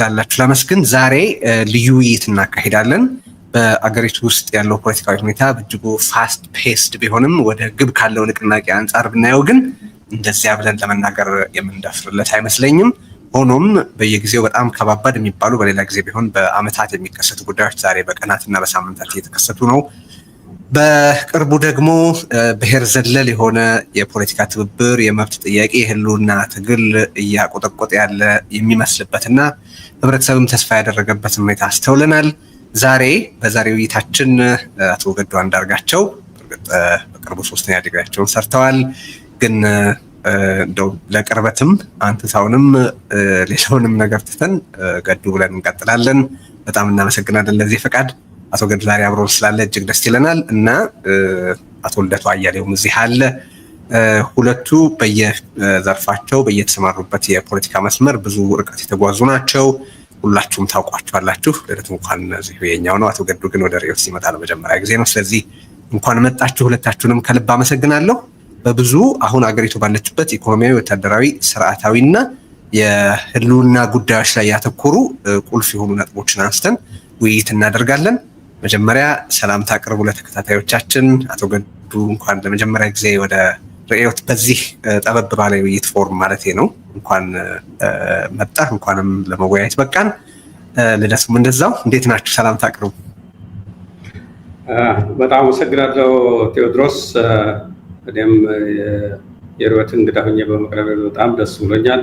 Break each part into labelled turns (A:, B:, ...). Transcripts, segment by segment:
A: እንዳላችሁ ላመስግን። ዛሬ ልዩ ውይይት እናካሄዳለን። በአገሪቱ ውስጥ ያለው ፖለቲካዊ ሁኔታ በእጅጉ ፋስት ፔስድ ቢሆንም ወደ ግብ ካለው ንቅናቄ አንጻር ብናየው ግን እንደዚያ ብለን ለመናገር የምንደፍርለት አይመስለኝም። ሆኖም በየጊዜው በጣም ከባባድ የሚባሉ በሌላ ጊዜ ቢሆን በአመታት የሚከሰቱ ጉዳዮች ዛሬ በቀናትና በሳምንታት እየተከሰቱ ነው። በቅርቡ ደግሞ ብሔር ዘለል የሆነ የፖለቲካ ትብብር የመብት ጥያቄ ህልውና ትግል እያቆጠቆጠ ያለ የሚመስልበትና ህብረተሰብም ተስፋ ያደረገበት ሁኔታ አስተውለናል። ዛሬ በዛሬው ውይይታችን አቶ ገዱ አንዳርጋቸው በቅርቡ ሶስተኛ ዲግሪያቸውን ሰርተዋል። ግን እንደው ለቅርበትም አንትሳውንም ሌላውንም ነገር ትተን ገዱ ብለን እንቀጥላለን። በጣም እናመሰግናለን ለዚህ ፈቃድ አቶ ገድላሪ ዛሬ ስላለ እጅግ ደስ ይለናል እና አቶ ልደቱ አያሌውም እዚህ አለ። ሁለቱ በየዘርፋቸው በየተሰማሩበት የፖለቲካ መስመር ብዙ ርቀት የተጓዙ ናቸው። ሁላችሁም ታውቋቸዋላችሁ። ልደቱ እንኳን እዚሁ የኛው ነው። አቶ ገዱ ግን ወደ ሪዮት ሲመጣ ለመጀመሪያ ጊዜ ነው። ስለዚህ እንኳን መጣችሁ። ሁለታችሁንም ከልብ አመሰግናለሁ። በብዙ አሁን አገሪቱ ባለችበት ኢኮኖሚያዊ፣ ወታደራዊ፣ ስርዓታዊና የህልውና ጉዳዮች ላይ ያተኮሩ ቁልፍ የሆኑ ነጥቦችን አንስተን ውይይት እናደርጋለን። መጀመሪያ ሰላምታ አቅርቡ ለተከታታዮቻችን። አቶ ገዱ እንኳን ለመጀመሪያ ጊዜ ወደ ርዕዮት በዚህ ጠበብ ባለ ውይይት ፎርም ማለት ነው እንኳን መጣ፣ እንኳንም ለመወያየት በቃን። ልደቱም እንደዛው እንዴት ናችሁ? ሰላምታ አቅርቡ።
B: በጣም አመሰግናለሁ ቴዎድሮስ። እኔም የርዕዮት እንግዳ ሁኜ በመቅረብ በጣም ደስ ብሎኛል።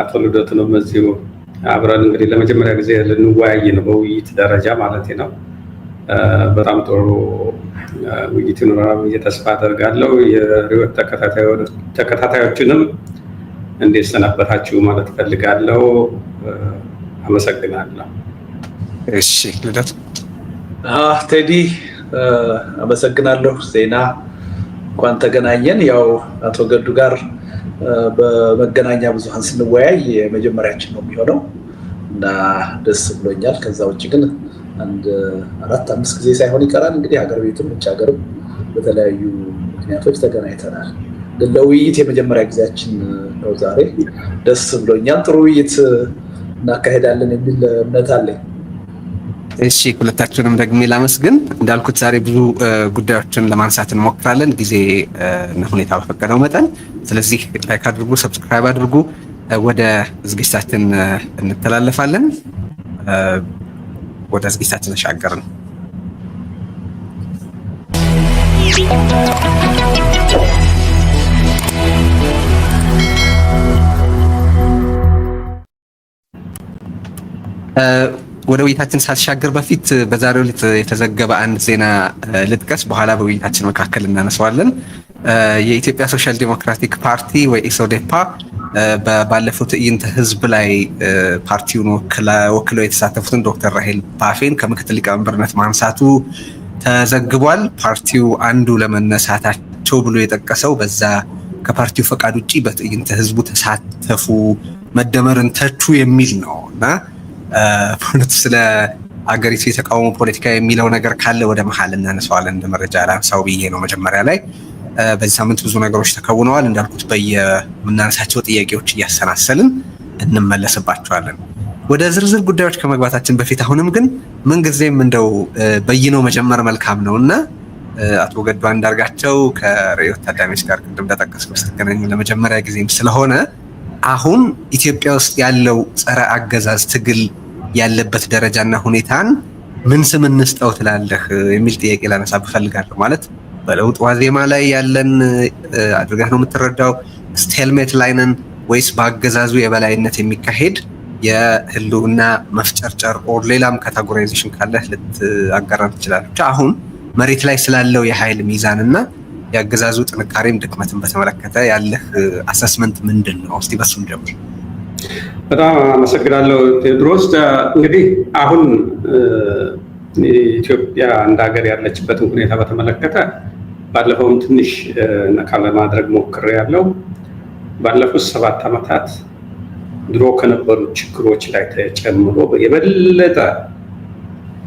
B: አቶ ልደቱንም እዚሁ አብረን እንግዲህ ለመጀመሪያ ጊዜ ልንወያይ ነው በውይይት ደረጃ ማለት ነው። በጣም ጥሩ ውይይት ይኖራል ብዬ ተስፋ አደርጋለሁ። የሪዮት ተከታታዮችንም እንዴት ሰነበታችሁ ማለት ፈልጋለሁ። አመሰግናለሁ።
A: እሺ ልደት
C: ቴዲ አመሰግናለሁ። ዜና እንኳን ተገናኘን። ያው አቶ ገዱ ጋር በመገናኛ ብዙሃን ስንወያይ የመጀመሪያችን ነው የሚሆነው እና ደስ ብሎኛል። ከዛ ውጭ ግን አንድ አራት አምስት ጊዜ ሳይሆን ይቀራል። እንግዲህ ሀገር ቤቱም ውጭ ሀገርም በተለያዩ ምክንያቶች ተገናኝተናል። ግን ለውይይት የመጀመሪያ ጊዜያችን ነው ዛሬ። ደስ ብሎኛል። ጥሩ ውይይት እናካሄዳለን የሚል እምነት አለኝ።
A: እሺ ሁለታችንም ደግሜ ላመስግን። እንዳልኩት ዛሬ ብዙ ጉዳዮችን ለማንሳት እንሞክራለን ጊዜ እና ሁኔታ በፈቀደው መጠን። ስለዚህ ላይክ አድርጉ፣ ሰብስክራይብ አድርጉ። ወደ ዝግጅታችን እንተላለፋለን። ወደ ዝግጅታችን ተሻገርን። ወደ ውይይታችን ሳልሻገር በፊት በዛሬው ዕለት የተዘገበ አንድ ዜና ልጥቀስ፣ በኋላ በውይይታችን መካከል እናነሳዋለን። የኢትዮጵያ ሶሻል ዲሞክራቲክ ፓርቲ ወይ ኢሶዴፓ ባለፈው ትዕይንተ ህዝብ ላይ ፓርቲውን ወክለው የተሳተፉትን ዶክተር ራሄል ባፌን ከምክትል ሊቀመንበርነት ማንሳቱ ተዘግቧል። ፓርቲው አንዱ ለመነሳታቸው ብሎ የጠቀሰው በዛ ከፓርቲው ፈቃድ ውጭ በትዕይንተ ህዝቡ ተሳተፉ፣ መደመርን ተቹ የሚል ነው እና ስለ አገሪቱ የተቃውሞ ፖለቲካ የሚለው ነገር ካለ ወደ መሀል እናነሳዋለን። እንደ መረጃ ላንሳው ብዬ ነው መጀመሪያ ላይ በዚህ ሳምንት ብዙ ነገሮች ተከውነዋል። እንዳልኩት በየምናነሳቸው ጥያቄዎች እያሰናሰልን እንመለስባቸዋለን። ወደ ዝርዝር ጉዳዮች ከመግባታችን በፊት አሁንም ግን ምንጊዜም እንደው በይኖ መጨመር መልካም ነው እና አቶ ገዱ አንዳርጋቸው ከርዕዮት ታዳሚዎች ጋር ቅድም እንደጠቀስኩ ስትገናኙ ለመጀመሪያ ጊዜም ስለሆነ አሁን ኢትዮጵያ ውስጥ ያለው ጸረ አገዛዝ ትግል ያለበት ደረጃና ሁኔታን ምን ስም እንስጠው ትላለህ የሚል ጥያቄ ላነሳ ብፈልጋለሁ ማለት በለውጥ ዋዜማ ላይ ያለን አድርገህ ነው የምትረዳው? ስቴልሜት ላይ ነን ወይስ በአገዛዙ የበላይነት የሚካሄድ የህልውና መፍጨርጨር ኦር ሌላም ካታጎራይዜሽን ካለህ ልትአጋራን ትችላለች። አሁን መሬት ላይ ስላለው የኃይል ሚዛን እና የአገዛዙ ጥንካሬም ድክመትን በተመለከተ ያለህ አሰስመንት ምንድን ነው? እስቲ በሱን ጀምር።
B: በጣም አመሰግናለሁ ቴዎድሮስ። እንግዲህ አሁን ኢትዮጵያ እንደ ሀገር ያለችበትን ሁኔታ በተመለከተ ባለፈውም ትንሽ ነካ ለማድረግ ሞክሬ ያለው ባለፉት ሰባት ዓመታት ድሮ ከነበሩ ችግሮች ላይ ተጨምሮ የበለጠ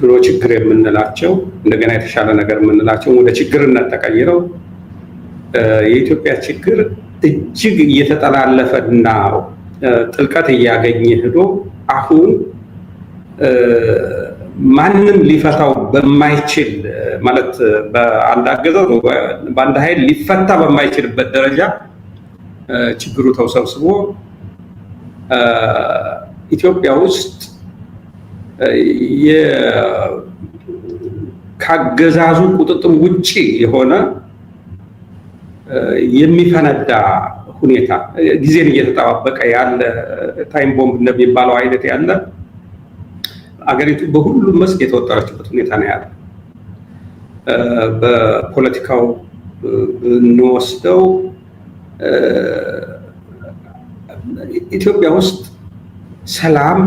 B: ድሮ ችግር የምንላቸው እንደገና የተሻለ ነገር የምንላቸው ወደ ችግርነት ተቀይረው የኢትዮጵያ ችግር እጅግ እየተጠላለፈና ጥልቀት እያገኘ ሄዶ አሁን ማንም ሊፈታው በማይችል ማለት በአንድ አገዛዝ በአንድ ኃይል ሊፈታ በማይችልበት ደረጃ ችግሩ ተውሰብስቦ ኢትዮጵያ ውስጥ ካገዛዙ ቁጥጥር ውጪ የሆነ የሚፈነዳ ሁኔታ ጊዜን እየተጠባበቀ ያለ ታይም ቦምብ እንደሚባለው አይነት ያለ አገሪቱ በሁሉም መስክ የተወጠረችበት ሁኔታ ነው ያለ። በፖለቲካው ብንወስደው ኢትዮጵያ ውስጥ ሰላም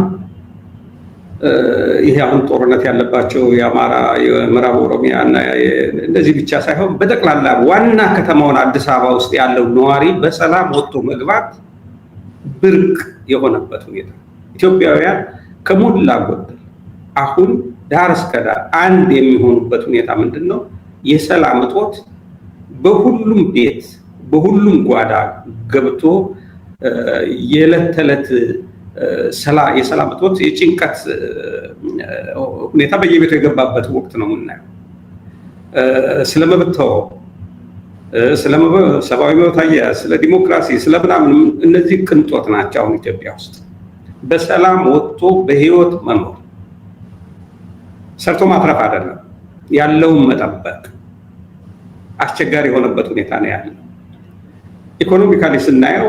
B: ይሄ አሁን ጦርነት ያለባቸው የአማራ፣ የምዕራብ ኦሮሚያ እና እንደዚህ ብቻ ሳይሆን በጠቅላላ ዋና ከተማውን አዲስ አበባ ውስጥ ያለው ነዋሪ በሰላም ወጥቶ መግባት ብርቅ የሆነበት ሁኔታ ኢትዮጵያውያን ከሞላ ጎደል አሁን ዳር እስከ ዳር አንድ የሚሆኑበት ሁኔታ ምንድን ነው? የሰላም እጦት በሁሉም ቤት በሁሉም ጓዳ ገብቶ የዕለት ተዕለት የሰላም እጦት የጭንቀት ሁኔታ በየቤቱ የገባበት ወቅት ነው የምናየው። ስለመብተው ስለ ሰብአዊ መብት አያያዝ፣ ስለ ዲሞክራሲ፣ ስለ ምናምንም እነዚህ ቅንጦት ናቸው አሁን ኢትዮጵያ ውስጥ በሰላም ወጥቶ በህይወት መኖር ሰርቶ ማትረፍ አይደለም፣ ያለውን መጠበቅ አስቸጋሪ የሆነበት ሁኔታ ነው ያለው። ኢኮኖሚካሊ ስናየው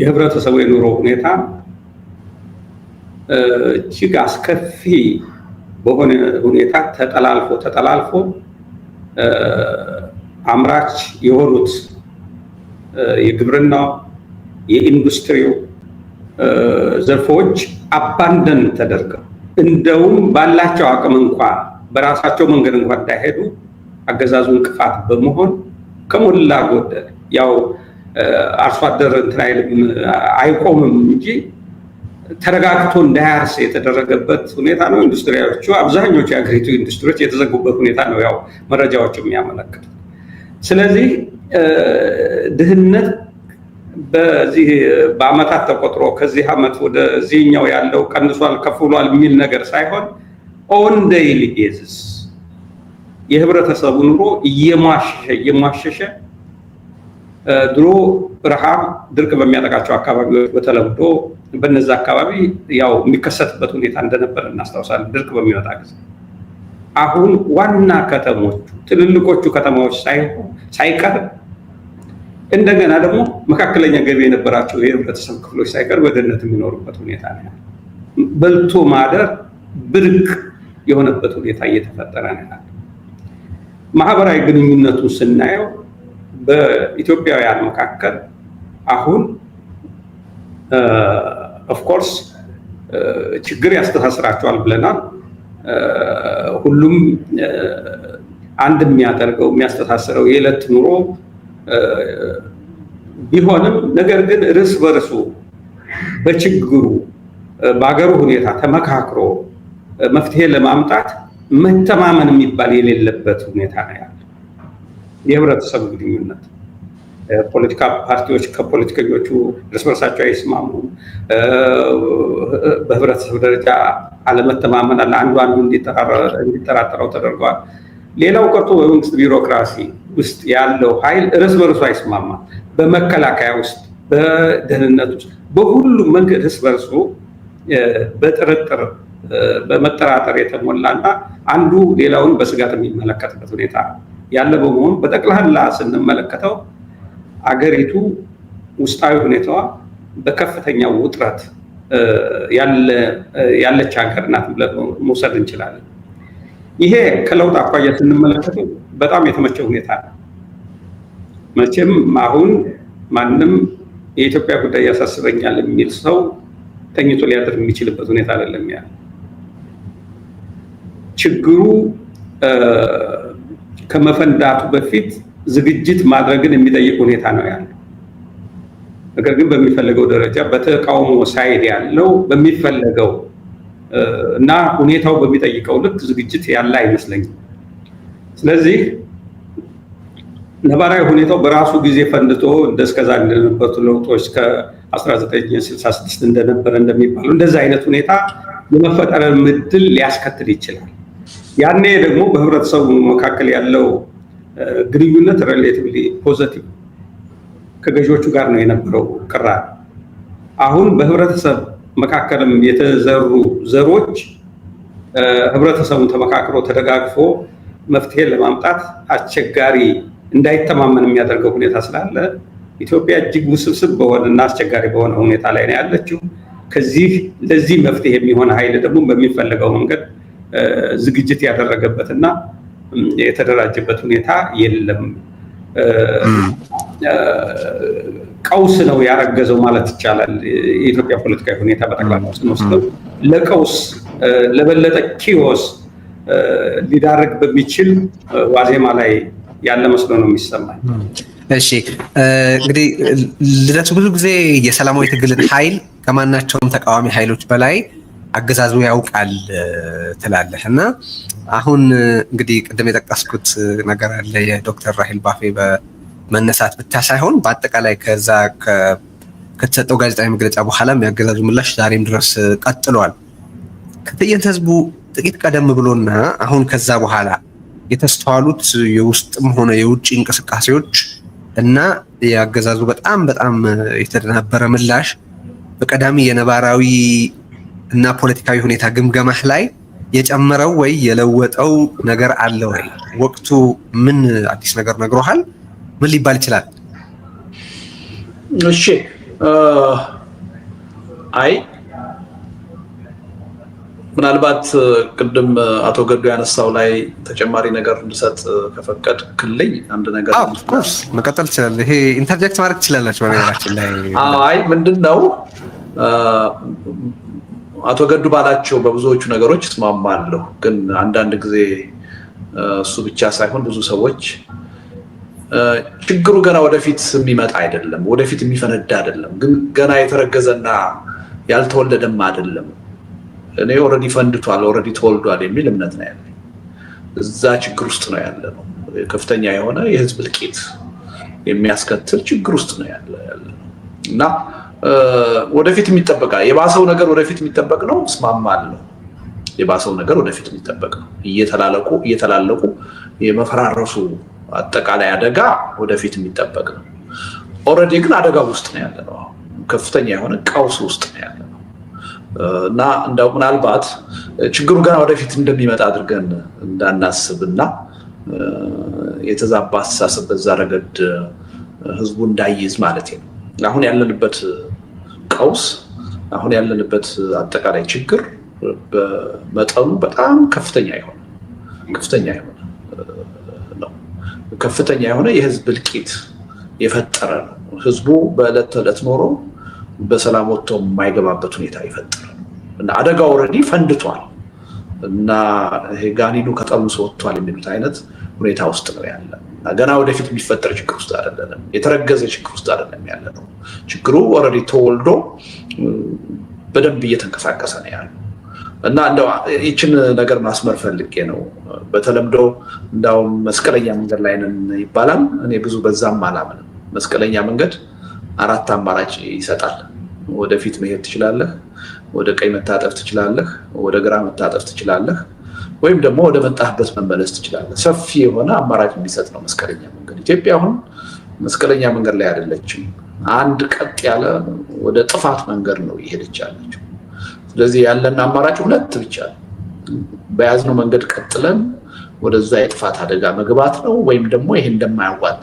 B: የህብረተሰቡ የኑሮ ሁኔታ እጅግ አስከፊ በሆነ ሁኔታ ተጠላልፎ ተጠላልፎ አምራች የሆኑት የግብርናው፣ የኢንዱስትሪው ዘርፎች አባንደን ተደርገው እንደውም ባላቸው አቅም እንኳ በራሳቸው መንገድ እንኳ እንዳይሄዱ አገዛዙ እንቅፋት በመሆን ከሞላ ጎደል ያው አርሶ አደር እንትን አይቆምም እንጂ ተረጋግቶ እንዳያርስ የተደረገበት ሁኔታ ነው። ኢንዱስትሪዎቹ አብዛኞቹ የሀገሪቱ ኢንዱስትሪዎች የተዘጉበት ሁኔታ ነው ያው መረጃዎች የሚያመለክቱ። ስለዚህ ድህነት በዚህ በአመታት ተቆጥሮ ከዚህ አመት ወደዚህኛው ያለው ቀንሷል ከፍ ብሏል የሚል ነገር ሳይሆን ኦን ዴይሊ ቤዝስ የህብረተሰቡ ኑሮ እየሟሸሸ እየሟሸሸ ድሮ ረሃብ፣ ድርቅ በሚያጠቃቸው አካባቢዎች በተለምዶ በነዛ አካባቢ ያው የሚከሰትበት ሁኔታ እንደነበር እናስታውሳለን። ድርቅ በሚመጣ ጊዜ አሁን ዋና ከተሞቹ ትልልቆቹ ከተማዎች ሳይሆን ሳይቀር እንደገና ደግሞ መካከለኛ ገቢ የነበራቸው የህብረተሰብ ክፍሎች ሳይቀር በድህነት የሚኖሩበት ሁኔታ ነው። በልቶ ማደር ብርቅ የሆነበት ሁኔታ እየተፈጠረ ነው። ማህበራዊ ግንኙነቱን ስናየው በኢትዮጵያውያን መካከል አሁን ኦፍኮርስ ችግር ያስተሳስራቸዋል ብለናል። ሁሉም አንድ የሚያደርገው የሚያስተሳስረው የዕለት ኑሮ ቢሆንም ነገር ግን እርስ በርሱ በችግሩ በአገሩ ሁኔታ ተመካክሮ መፍትሄ ለማምጣት መተማመን የሚባል የሌለበት ሁኔታ ነው ያለ። የህብረተሰብ ግንኙነት ፖለቲካ ፓርቲዎች ከፖለቲከኞቹ እርስ በርሳቸው አይስማሙ፣ በህብረተሰብ ደረጃ አለመተማመን አለ። አንዱ አንዱ እንዲጠራጠረው ተደርገዋል። ሌላው ቀርቶ በመንግስት ቢሮክራሲ ውስጥ ያለው ኃይል እርስ በርሱ አይስማማም። በመከላከያ ውስጥ፣ በደህንነት ውስጥ፣ በሁሉም መንገድ እርስ በርሱ በጥርጥር በመጠራጠር የተሞላና አንዱ ሌላውን በስጋት የሚመለከትበት ሁኔታ ያለ በመሆኑ በጠቅላላ ስንመለከተው አገሪቱ ውስጣዊ ሁኔታዋ በከፍተኛ ውጥረት ያለች ሀገር ናት ብለን መውሰድ እንችላለን። ይሄ ከለውጥ አኳያ ስንመለከተው በጣም የተመቸ ሁኔታ ነው። መቼም አሁን ማንም የኢትዮጵያ ጉዳይ ያሳስበኛል የሚል ሰው ተኝቶ ሊያደር የሚችልበት ሁኔታ አይደለም ያለ ችግሩ ከመፈንዳቱ በፊት ዝግጅት ማድረግን የሚጠይቅ ሁኔታ ነው ያለው። ነገር ግን በሚፈለገው ደረጃ በተቃውሞ ሳይድ ያለው በሚፈለገው እና ሁኔታው በሚጠይቀው ልክ ዝግጅት ያለ አይመስለኝም። ስለዚህ ነባራዊ ሁኔታው በራሱ ጊዜ ፈንድቶ እንደስከዛ እንደነበሩት ለውጦች ከ 1966 እንደነበረ እንደሚባሉ እንደዚህ አይነት ሁኔታ የመፈጠረ ምድል ሊያስከትል ይችላል። ያኔ ደግሞ በህብረተሰቡ መካከል ያለው ግንኙነት ሬሌቲቭሊ ፖዘቲቭ ከገዢዎቹ ጋር ነው የነበረው ቅራኔ። አሁን በህብረተሰብ መካከልም የተዘሩ ዘሮች ህብረተሰቡን ተመካክሮ ተደጋግፎ መፍትሄ ለማምጣት አስቸጋሪ እንዳይተማመን የሚያደርገው ሁኔታ ስላለ ኢትዮጵያ እጅግ ውስብስብ በሆነ እና አስቸጋሪ በሆነ ሁኔታ ላይ ነው ያለችው። ከዚህ ለዚህ መፍትሄ የሚሆነ ኃይል ደግሞ በሚፈለገው መንገድ ዝግጅት ያደረገበትና የተደራጀበት ሁኔታ የለም። ቀውስ ነው ያረገዘው ማለት ይቻላል። የኢትዮጵያ ፖለቲካዊ ሁኔታ በጠቅላላ ስንወስደው ለቀውስ ለበለጠ ኪዮስ ሊዳርግ በሚችል ዋዜማ ላይ ያለ መስሎ ነው የሚሰማኝ።
A: እሺ እንግዲህ ልደቱ ብዙ ጊዜ የሰላማዊ ትግልን ኃይል ከማናቸውም ተቃዋሚ ኃይሎች በላይ አገዛዙ ያውቃል ትላለህ እና አሁን እንግዲህ ቅድም የጠቀስኩት ነገር አለ የዶክተር ራሂል ባፌ በመነሳት ብቻ ሳይሆን በአጠቃላይ ከዛ ከተሰጠው ጋዜጣዊ መግለጫ በኋላም የአገዛዙ ምላሽ ዛሬም ድረስ ቀጥሏል። ከትዕይንተ ህዝቡ ጥቂት ቀደም ብሎና አሁን ከዛ በኋላ የተስተዋሉት የውስጥም ሆነ የውጭ እንቅስቃሴዎች እና የአገዛዙ በጣም በጣም የተደናበረ ምላሽ በቀዳሚ የነባራዊ እና ፖለቲካዊ ሁኔታ ግምገማህ ላይ የጨመረው ወይ የለወጠው ነገር አለ ወይ? ወቅቱ ምን አዲስ ነገር ነግሮሃል? ምን ሊባል ይችላል?
C: እሺ አይ ምናልባት ቅድም አቶ ገዱ ያነሳው ላይ ተጨማሪ ነገር እንድሰጥ ከፈቀድ ክልኝ አንድ ነገር
A: ኦፍኮርስ መቀጠል ይችላል። ይሄ ኢንተርጀክት ማድረግ ትችላላችሁ። በነገራችን ላይ
C: አይ ምንድን ነው አቶ ገዱ ባላቸው በብዙዎቹ ነገሮች እስማማለሁ። ግን አንዳንድ ጊዜ እሱ ብቻ ሳይሆን ብዙ ሰዎች ችግሩ ገና ወደፊት የሚመጣ አይደለም፣ ወደፊት የሚፈነዳ አይደለም፣ ግን ገና የተረገዘና ያልተወለደም አይደለም እኔ ኦልሬዲ ፈንድቷል ኦልሬዲ ተወልዷል የሚል እምነት ነው ያለኝ። እዛ ችግር ውስጥ ነው ያለ ነው። ከፍተኛ የሆነ የህዝብ እልቂት የሚያስከትል ችግር ውስጥ ነው ያለ ነው እና ወደፊት የሚጠበቃ የባሰው ነገር ወደፊት የሚጠበቅ ነው። እስማማለሁ። የባሰው ነገር ወደፊት የሚጠበቅ ነው። እየተላለቁ እየተላለቁ የመፈራረሱ አጠቃላይ አደጋ ወደፊት የሚጠበቅ ነው። ኦልሬዲ ግን አደጋ ውስጥ ነው ያለ ነው። ከፍተኛ የሆነ ቀውስ ውስጥ ነው ያለ እና እንደው ምናልባት ችግሩ ገና ወደፊት እንደሚመጣ አድርገን እንዳናስብ እና የተዛባ አስተሳሰብ በዛ ረገድ ህዝቡ እንዳይዝ ማለት ነው። አሁን ያለንበት ቀውስ፣ አሁን ያለንበት አጠቃላይ ችግር በመጠኑ በጣም ከፍተኛ የሆነ ከፍተኛ የሆነ ነው። ከፍተኛ የሆነ የህዝብ እልቂት የፈጠረ ነው። ህዝቡ በዕለት ተዕለት ኖሮ በሰላም ወጥቶ የማይገባበት ሁኔታ ይፈጥራል እና አደጋው ረዲ ፈንድቷል እና ጋኒኑ ከጠርሙስ ወጥቷል የሚሉት አይነት ሁኔታ ውስጥ ነው ያለ ገና ወደፊት የሚፈጠር ችግር ውስጥ አይደለንም። የተረገዘ ችግር ውስጥ አይደለም ያለ ነው። ችግሩ ኦልሬዲ ተወልዶ በደንብ እየተንቀሳቀሰ ነው ያለ እና እንደው ይችን ነገር ማስመር ፈልጌ ነው። በተለምዶ እንዳውም መስቀለኛ መንገድ ላይ ነን ይባላል። እኔ ብዙ በዛም አላምንም። መስቀለኛ መንገድ አራት አማራጭ ይሰጣል። ወደፊት መሄድ ትችላለህ፣ ወደ ቀኝ መታጠፍ ትችላለህ፣ ወደ ግራ መታጠፍ ትችላለህ፣ ወይም ደግሞ ወደ መጣህበት መመለስ ትችላለህ። ሰፊ የሆነ አማራጭ የሚሰጥ ነው መስቀለኛ መንገድ። ኢትዮጵያ አሁን መስቀለኛ መንገድ ላይ አይደለችም። አንድ ቀጥ ያለ ወደ ጥፋት መንገድ ነው እየሄደች ያለችው። ስለዚህ ያለን አማራጭ ሁለት ብቻ በያዝነው መንገድ ቀጥለን ወደዛ የጥፋት አደጋ መግባት ነው ወይም ደግሞ ይሄ እንደማያዋጣ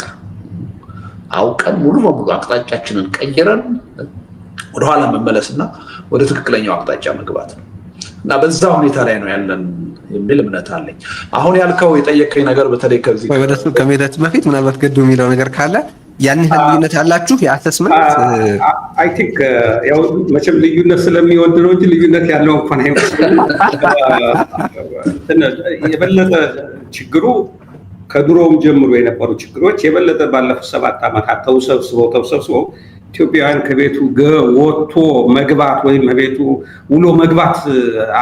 C: አውቀን ሙሉ በሙሉ አቅጣጫችንን ቀይረን ወደኋላ መመለስና ወደ ትክክለኛው አቅጣጫ መግባት ነው እና በዛ ሁኔታ ላይ ነው ያለን የሚል እምነት አለኝ። አሁን ያልከው የጠየከኝ ነገር በተለይ ከዚህ
A: ከመሄዳችን በፊት ምናልባት ገዱ የሚለው ነገር ካለ ያን ያህል ልዩነት ያላችሁ የአሰስመንት
B: አይ ቲንክ ያው መቼም ልዩነት ስለሚወድ ነው እንጂ ልዩነት ያለው እንኳን አይመስልም። የበለጠ ችግሩ ከድሮውም ጀምሮ የነበሩ ችግሮች የበለጠ ባለፉት ሰባት ዓመታት ተውሰብስበው ተውሰብስበው ኢትዮጵያውያን ከቤቱ ወጥቶ መግባት ወይም ከቤቱ ውሎ መግባት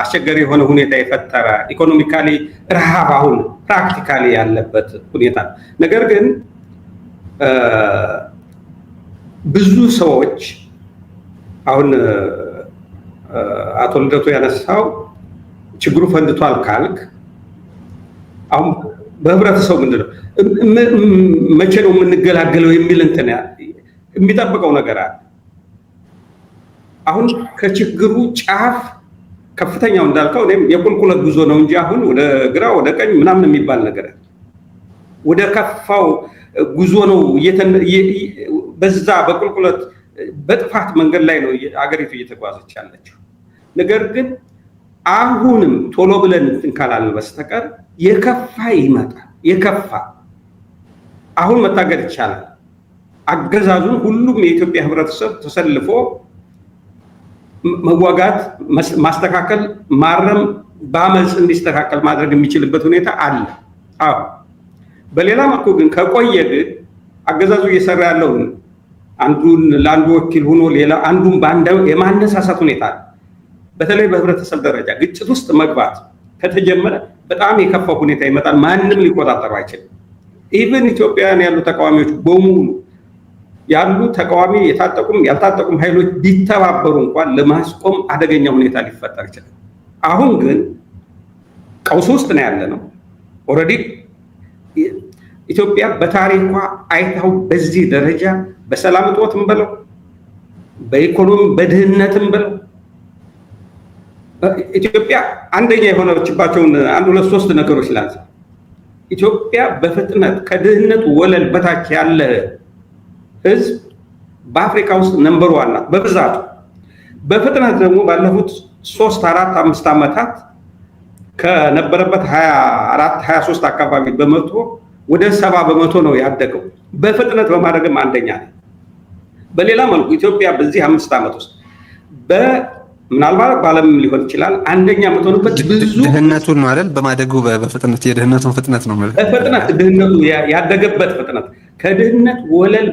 B: አስቸጋሪ የሆነ ሁኔታ የፈጠረ ኢኮኖሚካሊ ረሃብ አሁን ፕራክቲካሊ ያለበት ሁኔታ ነው። ነገር ግን ብዙ ሰዎች አሁን አቶ ልደቱ ያነሳው ችግሩ ፈንድቷል ካልክ በህብረተሰቡ ምንድን ነው መቼ ነው የምንገላገለው የሚል እንትን የሚጠብቀው ነገር አለ። አሁን ከችግሩ ጫፍ ከፍተኛው እንዳልከው እኔም የቁልቁለት ጉዞ ነው እንጂ አሁን ወደ ግራ ወደ ቀኝ ምናምን የሚባል ነገር ወደ ከፋው ጉዞ ነው። በዛ በቁልቁለት በጥፋት መንገድ ላይ ነው አገሪቱ እየተጓዘች ያለችው ነገር ግን አሁንም ቶሎ ብለን እንትን ካላልን በስተቀር የከፋ ይመጣል። የከፋ አሁን መታገድ ይቻላል። አገዛዙን ሁሉም የኢትዮጵያ ህብረተሰብ ተሰልፎ መዋጋት፣ ማስተካከል፣ ማረም፣ በአመፅ እንዲስተካከል ማድረግ የሚችልበት ሁኔታ አለ። አዎ። በሌላ መልኩ ግን ከቆየ ግን አገዛዙ እየሰራ ያለውን አንዱን ለአንዱ ወኪል ሆኖ ሌላ አንዱን የማነሳሳት ሁኔታ አለ። በተለይ በህብረተሰብ ደረጃ ግጭት ውስጥ መግባት ከተጀመረ በጣም የከፋ ሁኔታ ይመጣል። ማንም ሊቆጣጠሩ አይችልም። ኢቨን ኢትዮጵያውያን ያሉ ተቃዋሚዎች በሙሉ ያሉ ተቃዋሚ የታጠቁም ያልታጠቁም ኃይሎች ቢተባበሩ እንኳን ለማስቆም አደገኛ ሁኔታ ሊፈጠር ይችላል። አሁን ግን ቀውስ ውስጥ ነው ያለ ነው። ኦልሬዲ ኢትዮጵያ በታሪኳ አይታው በዚህ ደረጃ በሰላም እጦትም ብለው በኢኮኖሚ በድህነትም ብለው ኢትዮጵያ አንደኛ የሆነችባቸውን አንድ ሁለት ሶስት ነገሮች ላንሳ። ኢትዮጵያ በፍጥነት ከድህነት ወለል በታች ያለ ህዝብ በአፍሪካ ውስጥ ነንበሩ ዋናት በብዛቱ በፍጥነት ደግሞ ባለፉት ሶስት አራት አምስት ዓመታት ከነበረበት ሀያ ሶስት አካባቢ በመቶ ወደ ሰባ በመቶ ነው ያደገው። በፍጥነት በማድረግም አንደኛ ነው። በሌላ መልኩ ኢትዮጵያ በዚህ አምስት ዓመት ውስጥ ምናልባት በዓለም ሊሆን ይችላል። አንደኛ የምትሆንበት ብዙ
A: ድህነቱን ማለት በማደጉ በፍጥነት የድህነቱን ፍጥነት ነው
B: ፍጥነት ድህነቱ ያደገበት ፍጥነት ከድህነት ወለል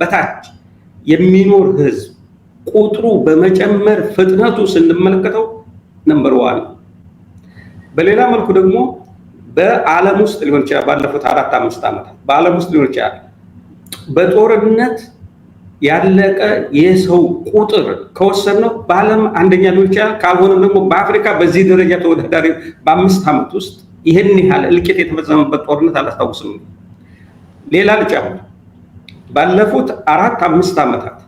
B: በታች የሚኖር ህዝብ ቁጥሩ በመጨመር ፍጥነቱ ስንመለከተው ነምበር ዋን። በሌላ መልኩ ደግሞ በዓለም ውስጥ ሊሆን ይችላል ባለፉት አራት አምስት ዓመታት በዓለም ውስጥ ሊሆን ይችላል በጦርነት ያለቀ የሰው ቁጥር ከወሰድነው በዓለም አንደኛ ሊሆን ይችላል። ካልሆነም ደግሞ በአፍሪካ በዚህ ደረጃ ተወዳዳሪ በአምስት ዓመት ውስጥ ይህን ያህል እልቂት የተፈጸመበት ጦርነት አላስታውስም። ሌላ ልጨምር። ባለፉት አራት አምስት ዓመታት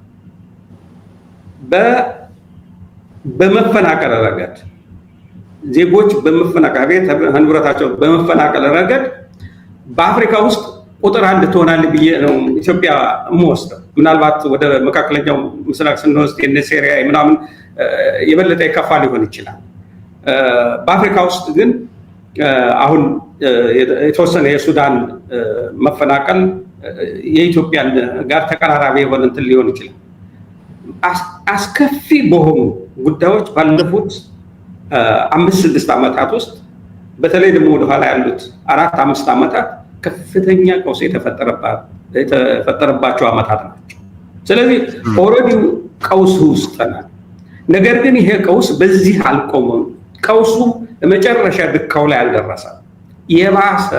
B: በመፈናቀል ረገድ ዜጎች በመፈናቀል ንብረታቸው በመፈናቀል ረገድ በአፍሪካ ውስጥ ቁጥር አንድ ትሆናል ብዬ ነው ኢትዮጵያ የምወስደው። ምናልባት ወደ መካከለኛው ምስራቅ ስንወስድ የነ ሴሪያ ምናምን የበለጠ የከፋ ሊሆን ይችላል። በአፍሪካ ውስጥ ግን አሁን የተወሰነ የሱዳን መፈናቀል የኢትዮጵያን ጋር ተቀራራቢ የሆነ እንትን ሊሆን ይችላል። አስከፊ በሆኑ ጉዳዮች ባለፉት አምስት ስድስት ዓመታት ውስጥ በተለይ ደግሞ ወደኋላ ያሉት አራት አምስት ዓመታት ከፍተኛ ቀውስ የተፈጠረባቸው ዓመታት ናቸው። ስለዚህ ኦልሬዲ ቀውስ ውስጥ ናል። ነገር ግን ይሄ ቀውስ በዚህ አልቆመም። ቀውሱ መጨረሻ ድካው ላይ አልደረሰም። የባሰ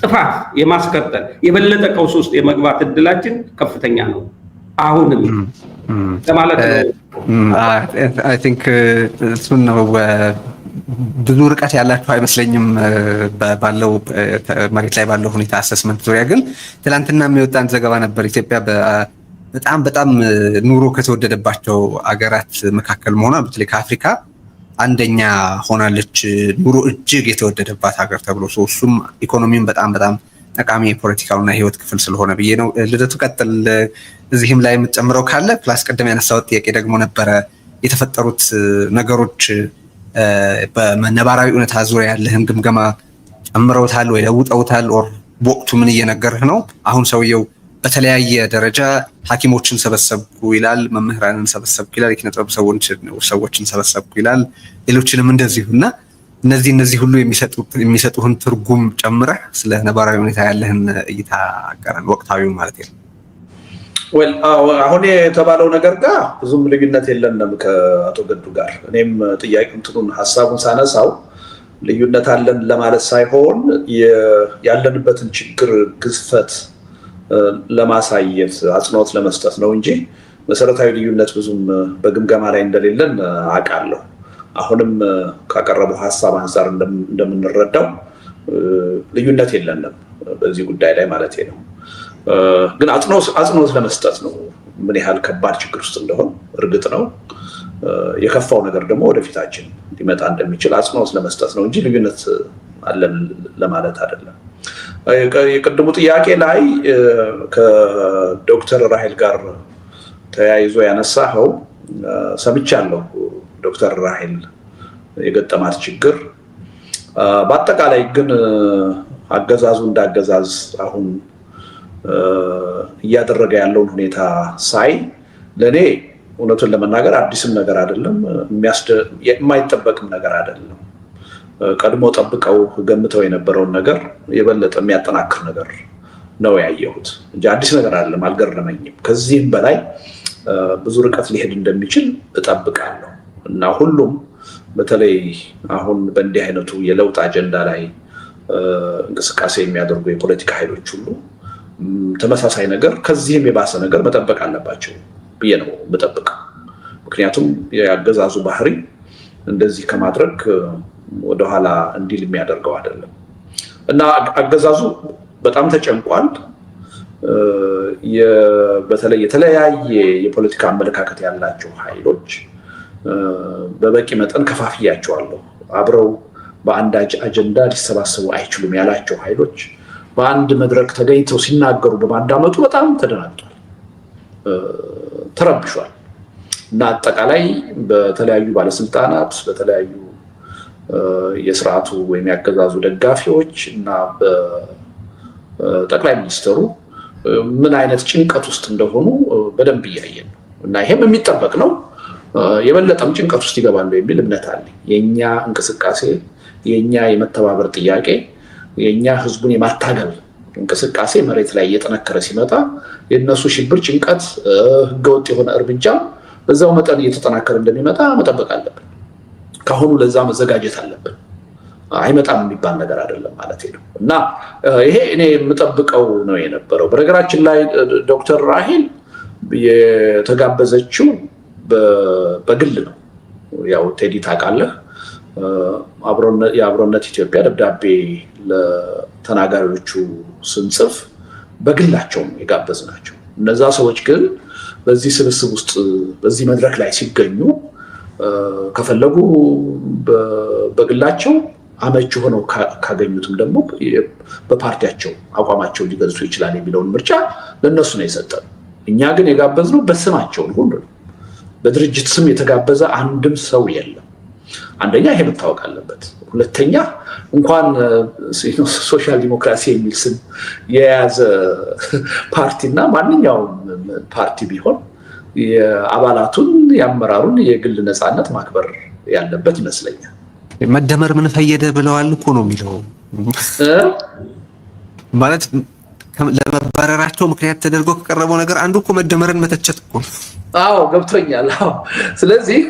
B: ጥፋት የማስከተል የበለጠ ቀውስ ውስጥ የመግባት እድላችን ከፍተኛ ነው። አሁንም
A: ለማለት ነው። እሱን ነው ብዙ ርቀት ያላችሁ አይመስለኝም ባለው መሬት ላይ ባለው ሁኔታ አሰስመንት ዙሪያ ግን ትላንትና የሚወጣን ዘገባ ነበር። ኢትዮጵያ በጣም በጣም ኑሮ ከተወደደባቸው አገራት መካከል መሆኗ በተለይ ከአፍሪካ አንደኛ ሆናለች። ኑሮ እጅግ የተወደደባት ሀገር ተብሎ እሱም ኢኮኖሚውን በጣም በጣም ጠቃሚ የፖለቲካውና የህይወት ክፍል ስለሆነ ብዬ ነው። ልደቱ ቀጥል። እዚህም ላይ የምትጨምረው ካለ ፕላስ ቅድም ያነሳው ጥያቄ ደግሞ ነበረ የተፈጠሩት ነገሮች በነባራዊ እውነታ ዙሪያ ያለህን ግምገማ ጨምረውታል ወይ ለውጠውታል? ኦር ወቅቱ ምን እየነገርህ ነው? አሁን ሰውየው በተለያየ ደረጃ ሐኪሞችን ሰበሰብኩ ይላል፣ መምህራንን ሰበሰብኩ ይላል፣ የኪነጥበብ ሰዎችን ሰበሰብኩ ይላል፣ ሌሎችንም እንደዚሁ እና እነዚህ እነዚህ ሁሉ የሚሰጡህን ትርጉም ጨምረህ ስለ ነባራዊ ሁኔታ ያለህን እይታ አቀረን ወቅታዊውን ማለት ነው።
C: አሁን የተባለው ነገር ጋር ብዙም ልዩነት የለንም ከአቶ ገዱ ጋር። እኔም ጥያቄ እንትኑን ሀሳቡን ሳነሳው ልዩነት አለን ለማለት ሳይሆን ያለንበትን ችግር ግዝፈት ለማሳየት አጽንኦት ለመስጠት ነው እንጂ መሰረታዊ ልዩነት ብዙም በግምገማ ላይ እንደሌለን አውቃለሁ። አሁንም ካቀረበው ሀሳብ አንጻር እንደምንረዳው ልዩነት የለንም በዚህ ጉዳይ ላይ ማለት ነው። ግን አጽንኦት ለመስጠት ነው ምን ያህል ከባድ ችግር ውስጥ እንደሆን እርግጥ ነው። የከፋው ነገር ደግሞ ወደፊታችን ሊመጣ እንደሚችል አጽንኦት ለመስጠት ነው እንጂ ልዩነት አለን ለማለት አይደለም። የቅድሙ ጥያቄ ላይ ከዶክተር ራሄል ጋር ተያይዞ ያነሳኸው ሰምቻለሁ። ዶክተር ራሄል የገጠማት ችግር በአጠቃላይ ግን አገዛዙ እንዳገዛዝ አሁን እያደረገ ያለውን ሁኔታ ሳይ ለእኔ እውነቱን ለመናገር አዲስም ነገር አይደለም፣ የማይጠበቅም ነገር አይደለም። ቀድሞ ጠብቀው ገምተው የነበረውን ነገር የበለጠ የሚያጠናክር ነገር ነው ያየሁት እንጂ አዲስ ነገር አይደለም። አልገረመኝም። ከዚህም በላይ ብዙ ርቀት ሊሄድ እንደሚችል እጠብቃለሁ እና ሁሉም በተለይ አሁን በእንዲህ አይነቱ የለውጥ አጀንዳ ላይ እንቅስቃሴ የሚያደርጉ የፖለቲካ ኃይሎች ሁሉ ተመሳሳይ ነገር ከዚህም የባሰ ነገር መጠበቅ አለባቸው ብዬ ነው ምጠብቅ ምክንያቱም የአገዛዙ ባህሪ እንደዚህ ከማድረግ ወደኋላ እንዲል የሚያደርገው አይደለም እና አገዛዙ በጣም ተጨንቋል። በተለይ የተለያየ የፖለቲካ አመለካከት ያላቸው ኃይሎች በበቂ መጠን ከፋፍያቸዋለሁ አብረው በአንድ አጀንዳ ሊሰባሰቡ አይችሉም ያላቸው ኃይሎች በአንድ መድረክ ተገኝተው ሲናገሩ በማዳመጡ በጣም ተደናግጧል፣ ተረብሿል። እና አጠቃላይ በተለያዩ ባለስልጣናት በተለያዩ የስርዓቱ ወይም ያገዛዙ ደጋፊዎች እና በጠቅላይ ሚኒስትሩ ምን አይነት ጭንቀት ውስጥ እንደሆኑ በደንብ እያየን ነው እና ይሄም የሚጠበቅ ነው። የበለጠም ጭንቀት ውስጥ ይገባሉ የሚል እምነት አለኝ። የእኛ እንቅስቃሴ የእኛ የመተባበር ጥያቄ የእኛ ህዝቡን የማታገል እንቅስቃሴ መሬት ላይ እየጠነከረ ሲመጣ የእነሱ ሽብር፣ ጭንቀት፣ ህገወጥ የሆነ እርምጃ በዛው መጠን እየተጠናከረ እንደሚመጣ መጠበቅ አለብን። ከአሁኑ ለዛ መዘጋጀት አለብን። አይመጣም የሚባል ነገር አይደለም ማለት ነው። እና ይሄ እኔ የምጠብቀው ነው የነበረው። በነገራችን ላይ ዶክተር ራሂል የተጋበዘችው በግል ነው። ያው ቴዲ ታውቃለህ የአብሮነት ኢትዮጵያ ደብዳቤ ለተናጋሪዎቹ ስንጽፍ በግላቸው የጋበዝ ናቸው። እነዛ ሰዎች ግን በዚህ ስብስብ ውስጥ በዚህ መድረክ ላይ ሲገኙ ከፈለጉ በግላቸው አመች ሆነው ካገኙትም ደግሞ በፓርቲያቸው አቋማቸው ሊገልጹ ይችላል የሚለውን ምርጫ ለእነሱ ነው የሰጠን። እኛ ግን የጋበዝነው በስማቸው ሁሉ በድርጅት ስም የተጋበዘ አንድም ሰው የለም። አንደኛ ይሄ መታወቅ አለበት። ሁለተኛ እንኳን ሶሻል ዲሞክራሲ የሚል ስም የያዘ ፓርቲእና ማንኛውም ፓርቲ ቢሆን የአባላቱን የአመራሩን የግል ነፃነት ማክበር ያለበት ይመስለኛል።
A: መደመር ምን ፈየደ ብለዋል እኮ ነው የሚለው ማለት ለመባረራቸው ምክንያት ተደርጎ ከቀረበው ነገር አንዱ እኮ መደመርን መተቸት እኮ። አዎ ገብቶኛል። አዎ ስለዚህ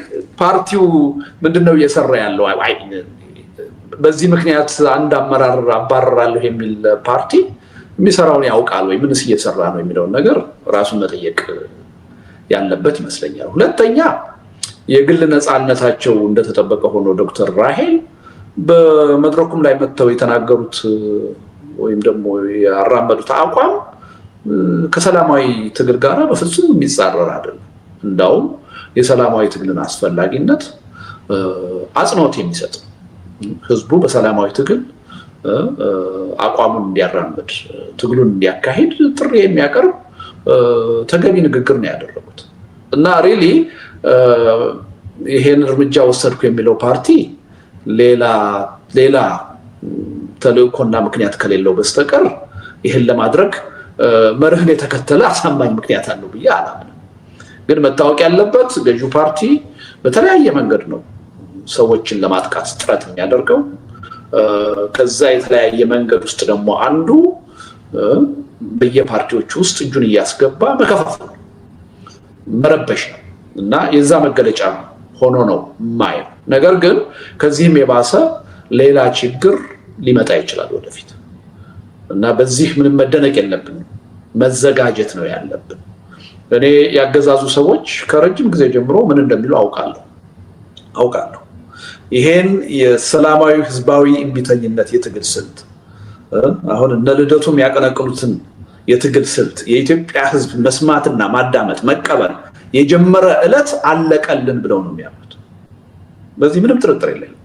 A: ፓርቲው ምንድን ነው እየሰራ ያለው? በዚህ ምክንያት አንድ አመራር አባረራለሁ የሚል ፓርቲ የሚሰራውን ያውቃል ወይ? ምንስ እየሰራ ነው የሚለውን ነገር ራሱን መጠየቅ ያለበት ይመስለኛል። ሁለተኛ የግል ነፃነታቸው እንደተጠበቀ ሆኖ ዶክተር ራሄል በመድረኩም ላይ መጥተው የተናገሩት ወይም ደግሞ ያራመዱት አቋም ከሰላማዊ ትግል ጋር በፍጹም የሚጻረር አይደለም። እንዳውም የሰላማዊ ትግልን አስፈላጊነት አጽንኦት የሚሰጥ ህዝቡ በሰላማዊ ትግል አቋሙን እንዲያራምድ ትግሉን እንዲያካሂድ ጥሪ የሚያቀርብ ተገቢ ንግግር ነው ያደረጉት እና ሪሊ ይሄን እርምጃ ወሰድኩ የሚለው ፓርቲ ሌላ ሌላ ተልእኮና ምክንያት ከሌለው በስተቀር ይህን ለማድረግ መርህን የተከተለ አሳማኝ ምክንያት አለው ብዬ አላምንም። ግን መታወቅ ያለበት ገዢው ፓርቲ በተለያየ መንገድ ነው ሰዎችን ለማጥቃት ጥረት የሚያደርገው። ከዛ የተለያየ መንገድ ውስጥ ደግሞ አንዱ በየፓርቲዎቹ ውስጥ እጁን እያስገባ መከፋፈል፣ መረበሽ ነው እና የዛ መገለጫ ሆኖ ነው ማየው። ነገር ግን ከዚህም የባሰ ሌላ ችግር ሊመጣ ይችላል ወደፊት እና በዚህ ምንም መደነቅ የለብንም። መዘጋጀት ነው ያለብን። እኔ ያገዛዙ ሰዎች ከረጅም ጊዜ ጀምሮ ምን እንደሚሉ አውቃለሁ አውቃለሁ። ይሄን የሰላማዊ ህዝባዊ እምቢተኝነት የትግል ስልት አሁን እነ ልደቱም ያቀነቅሉትን የትግል ስልት የኢትዮጵያ ህዝብ መስማትና ማዳመጥ መቀበል የጀመረ ዕለት አለቀልን ብለው ነው የሚያምኑት። በዚህ ምንም ጥርጥር የለኝም።